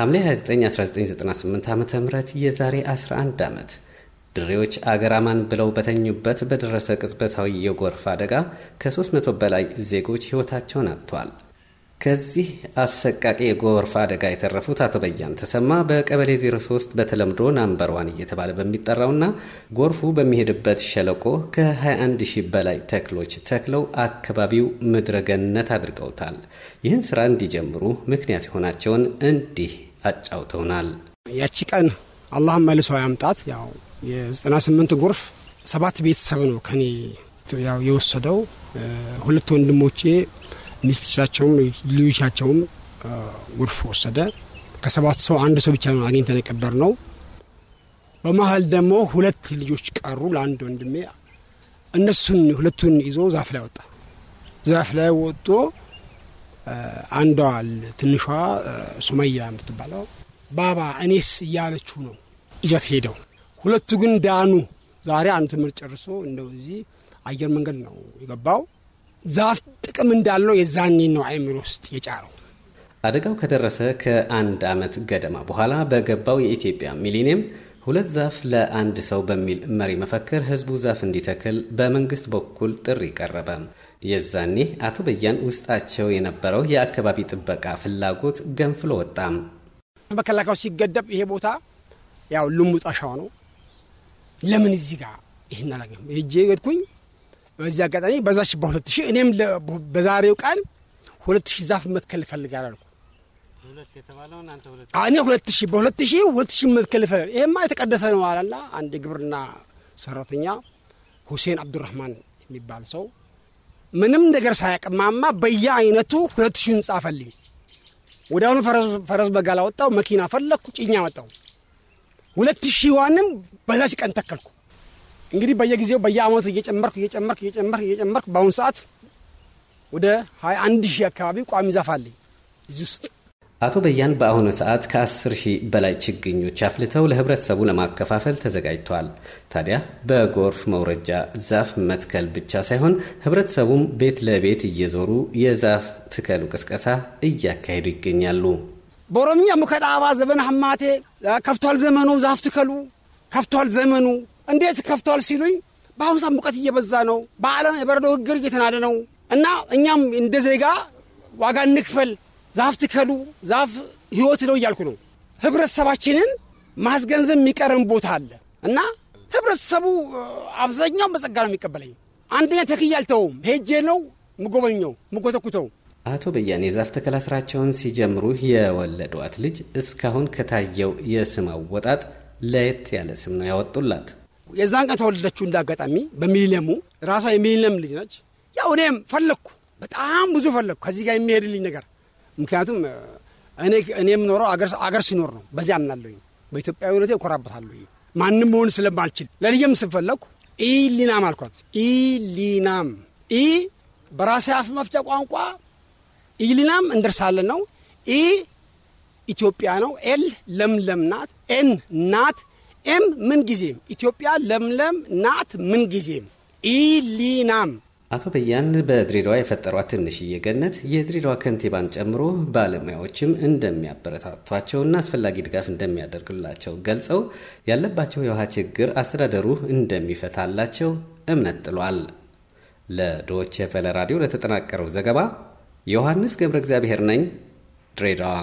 ሐምሌ 29 1998 ዓ ም የዛሬ 11 ዓመት ድሬዎች አገራማን ብለው በተኙበት በደረሰ ቅጽበታዊ የጎርፍ አደጋ ከ300 በላይ ዜጎች ሕይወታቸውን አጥተዋል። ከዚህ አሰቃቂ የጎርፍ አደጋ የተረፉት አቶ በያን ተሰማ በቀበሌ 03 በተለምዶ ናምበር ዋን እየተባለ በሚጠራውና ጎርፉ በሚሄድበት ሸለቆ ከ21 ሺህ በላይ ተክሎች ተክለው አካባቢው ምድረገነት አድርገውታል። ይህን ስራ እንዲጀምሩ ምክንያት የሆናቸውን እንዲህ አጫውተውናል። ያቺ ቀን አላህም መልሶ ያምጣት። ያው የ98 ጎርፍ ሰባት ቤተሰብ ነው ከኔ ያው የወሰደው ሁለት ወንድሞቼ ሚስቶቻቸውም ልጆቻቸውም ጎርፍ ወሰደ። ከሰባት ሰው አንድ ሰው ብቻ ነው አግኝተን የቀበር ነው። በመሀል ደግሞ ሁለት ልጆች ቀሩ ለአንድ ወንድሜ። እነሱን ሁለቱን ይዞ ዛፍ ላይ ወጣ። ዛፍ ላይ ወጥቶ አንዷል ትንሿ ሱመያ የምትባለው ባባ እኔስ እያለችው ነው ይዣት ሄደው። ሁለቱ ግን ዳኑ። ዛሬ አንድ ትምህርት ጨርሶ እንደው እዚህ አየር መንገድ ነው የገባው። ዛፍ ጥቅም እንዳለው የዛኔ ነው አይምሮ ውስጥ የጫረው። አደጋው ከደረሰ ከአንድ ዓመት ገደማ በኋላ በገባው የኢትዮጵያ ሚሊኒየም ሁለት ዛፍ ለአንድ ሰው በሚል መሪ መፈክር ህዝቡ ዛፍ እንዲተክል በመንግስት በኩል ጥሪ ቀረበ። የዛኔ አቶ በያን ውስጣቸው የነበረው የአካባቢ ጥበቃ ፍላጎት ገንፍሎ ወጣም። መከላከያው ሲገደብ ይሄ ቦታ ያው ልሙጥ አሸዋ ነው። ለምን እዚህ ጋር ይህን አላገኘም? ሄጄ ሄድኩኝ። በዚህ አጋጣሚ በዛሽ በሁለት ሺህ እኔም በዛሬው ቃል ሁለት ሺህ ዛፍ መትከል እፈልጋለሁ እኔ ሁለት ሺህ በሁለት ሺህ ሁለት ሺህ መትከልፈ ይሄማ የተቀደሰ ነው አለና አንድ የግብርና ሰራተኛ ሁሴን አብዱራህማን የሚባል ሰው ምንም ነገር ሳያቀማማ በየአይነቱ ሁለት ሺህ ህንጻ ፈልኝ ወዲያውኑ ፈረስ በጋላ ወጣው፣ መኪና ፈለግኩ፣ ጭኛ መጣው። ሁለት ሺዋንም በዛች ቀን ተከልኩ። እንግዲህ በየጊዜው በየአመቱ እየጨመርኩ እየጨመርኩ እየጨመርኩ እየጨመርኩ በአሁኑ ሰዓት ወደ 21 ሺህ አካባቢ ቋሚ ዛፍ አለኝ እዚህ ውስጥ አቶ በያን በአሁኑ ሰዓት ከ10 ሺህ በላይ ችግኞች አፍልተው ለህብረተሰቡ ለማከፋፈል ተዘጋጅተዋል። ታዲያ በጎርፍ መውረጃ ዛፍ መትከል ብቻ ሳይሆን ህብረተሰቡም ቤት ለቤት እየዞሩ የዛፍ ትከሉ ቅስቀሳ እያካሄዱ ይገኛሉ። በኦሮምኛ ሙከዳባ ዘበን ሐማቴ ከፍቷል ዘመኑ ዛፍ ትከሉ ከፍቷል ዘመኑ እንዴት ከፍቷል ሲሉኝ በአሁኑ ሰዓት ሙቀት እየበዛ ነው። በዓለም የበረዶ ግግር እየተናደ ነው እና እኛም እንደ ዜጋ ዋጋ እንክፈል ዛፍ ትከሉ፣ ዛፍ ህይወት ነው እያልኩ ነው። ህብረተሰባችንን ማስገንዘብ የሚቀርም ቦታ አለ እና ህብረተሰቡ አብዛኛውን በጸጋ ነው የሚቀበለኝ። አንደኛ ተክዬ አልተውም፣ ሄጄ ነው ምጎበኘው ምጎተኩተው። አቶ በያኔ የዛፍ ተከላ ስራቸውን ሲጀምሩ የወለዷት ልጅ እስካሁን ከታየው የስም አወጣጥ ለየት ያለ ስም ነው ያወጡላት። የዛን ቀን ተወለደችው እንዳጋጣሚ በሚሊለሙ ራሷ የሚሊለም ልጅ ነች። ያው እኔም ፈለግኩ፣ በጣም ብዙ ፈለግኩ ከዚህ ጋር የሚሄድልኝ ነገር ምክንያቱም እኔ የምኖረው አገር ሲኖር ነው። በዚያ አምናለሁኝ። በኢትዮጵያዊነቴ እኮራበታለሁኝ። ማንም መሆን ስለማልችል ለልየም ስፈለግኩ ኢሊናም አልኳት። ኢሊናም ኢ በራሴ አፍ መፍጫ ቋንቋ ኢሊናም እንደርሳለን ነው። ኢ ኢትዮጵያ ነው። ኤል ለምለም ናት። ኤን ናት። ኤም ምንጊዜም ኢትዮጵያ ለምለም ናት ምንጊዜም ኢሊናም አቶ በያን በድሬዳዋ የፈጠሯት ትንሽዬ ገነት የድሬዳዋ ከንቲባን ጨምሮ ባለሙያዎችም እንደሚያበረታቷቸውና አስፈላጊ ድጋፍ እንደሚያደርግላቸው ገልጸው ያለባቸው የውሃ ችግር አስተዳደሩ እንደሚፈታላቸው እምነት ጥሏል። ለዶቼ ቬለ ራዲዮ ለተጠናቀረው ዘገባ ዮሐንስ ገብረ እግዚአብሔር ነኝ ድሬዳዋ